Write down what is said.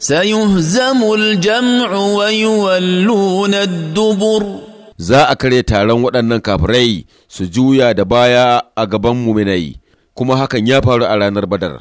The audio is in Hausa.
سيهزم الجمع ويولون الدبر za a kare taron waɗannan kafirai su juya da baya a gaban muminai kuma hakan ya faru a ranar badar